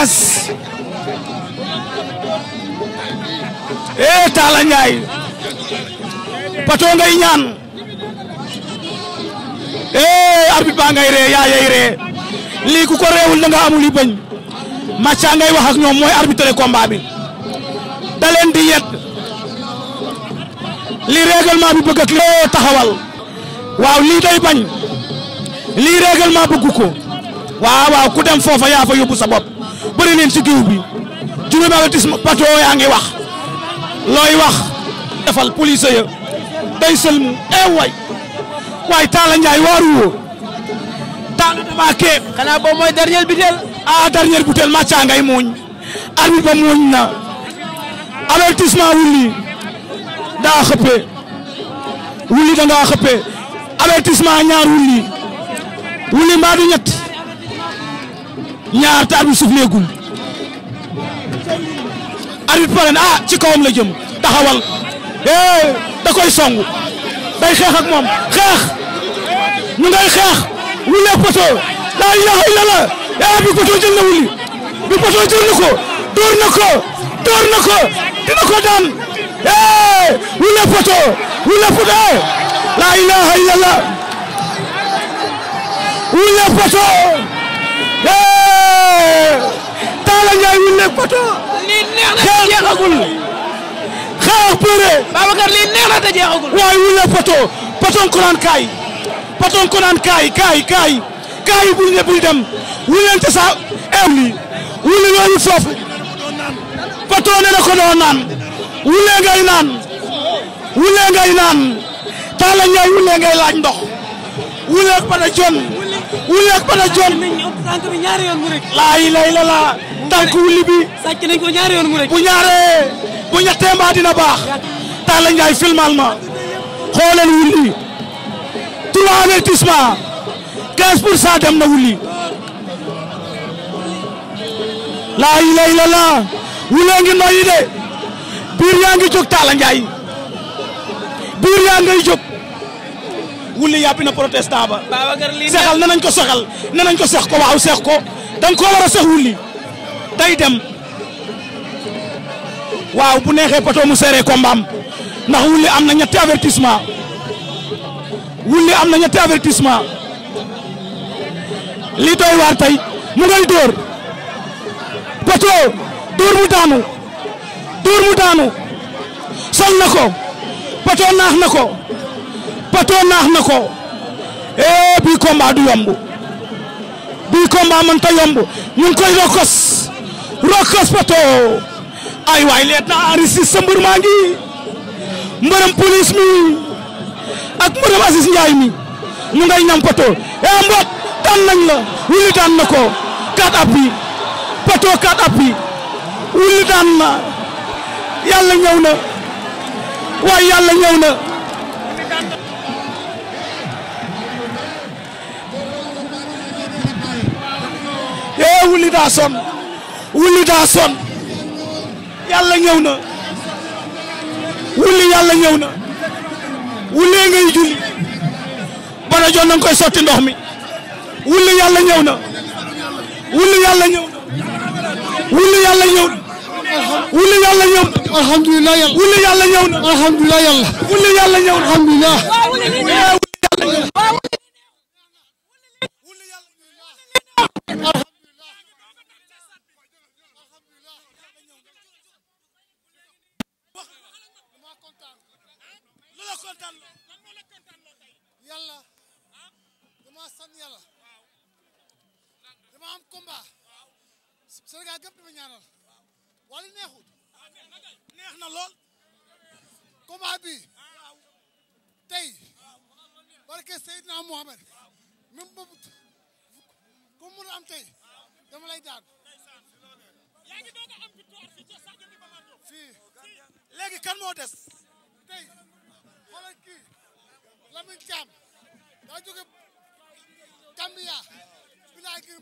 Fass eh Talla Ndiaye Pato ngay ñaan eh arbitre ba ngay ree yaa yey ree lii ku ko reewul da amul i bañ Macha ngay mooy arbitre combat bi da leen di yet lii bi bëgg ak lii waaw lii day bañ lii règlement bëgg ko waaw waaw foofa yaa fa yóbbu sa bëri leen ci géew bi juróomi avertissement yaa ngi wax looy wax defal police ya day sëlmu eh waay waay Talla Ndiaye waaruwoo Talla damaa kee. xanaa boobu mooy dernier butel. ah dernier butel macha ngay mooñ. arbitre ba mooñ na avertissement wulli daa xëppee wulli da ngaa xëppee avertissement ñaar wulli wulli mbaa du ñaar te arbitre suuf léegul arbitre pare na ah ci kawam la jëm taxawal eh da koy songu day xeex ak moom xeex ñu ngay xeex wulee poto laa ilaha illa la eh bi poto jël na wuli bi poto jël na ko door na ko door na ko dina ko daan eh wulee poto wulee poto eh laa ilaha illa la wulee poto eh Talla Ndiaye wi nekk Pato. naan kaay Pato ko naan kaay kaay kaay kaay bu bul dem wu leen te sa eew lii wu leen yooyu na ko doon naan wu ngay naan wu leen ngay ngay laaj ndox wu leen pare wuli ak bala joon la laa tànk bi ko ñaari yoon mu rek bu ñaaree bu ñettee mbaa baax Talla Ndiaye filmal ma xoolal wuli trois avertissement quinze pour cent dem na wuli laa la laa noyyi de biir yaa ngi jóg Talla biir yaa ngay jóg wulli yàppi na protestant ba. Babacar lii sexal nanañ ko sexal nanañ ko sex ko waaw sex ko danga koo war a sex wulli day dem waaw bu neexee poto mu seeree kombaam ndax wulli am na ñetti avertissement wulli am na ñetti avertissement li doy waar tey mu ngay dóor poto dóor mu daanu dóor mu daanu sol na ko poto naax na ko. Pato naax na ko eh bii combat du yomb bii combat mënta yomb ñu koy rokos rokos Pato ay waay leet na maa ngi mbërëm police mi ak mbërëm Aziz Ndiaye mi ñu ngay ñam Pato eh mbot daan nañ la wuli daan na ko kat Pato kat appi wuli na yàlla ñëw na waaye yàlla ñëw na. wuli daa sonn wuli daa sonn na wuli yàlla ñëw na wulee ngay julli koy sotti ndox mi wuli yàlla ñëw na wuli yàlla ñëw na wuli yàlla ñëw na wuli yàlla ñëw na alhamdulilah na lu la kontaan yàlla ah? dama sant yàlla dama am combat Sénégal gëpp dama ñaanal wala neexut ah, neex na lool combat bi tey barke Seydina Mohamed même boobu ku mu mën a am tey dama lay daan fii léegi kan moo des xoolal kii Lamine Thiam daa jóge Gambia bi laa gir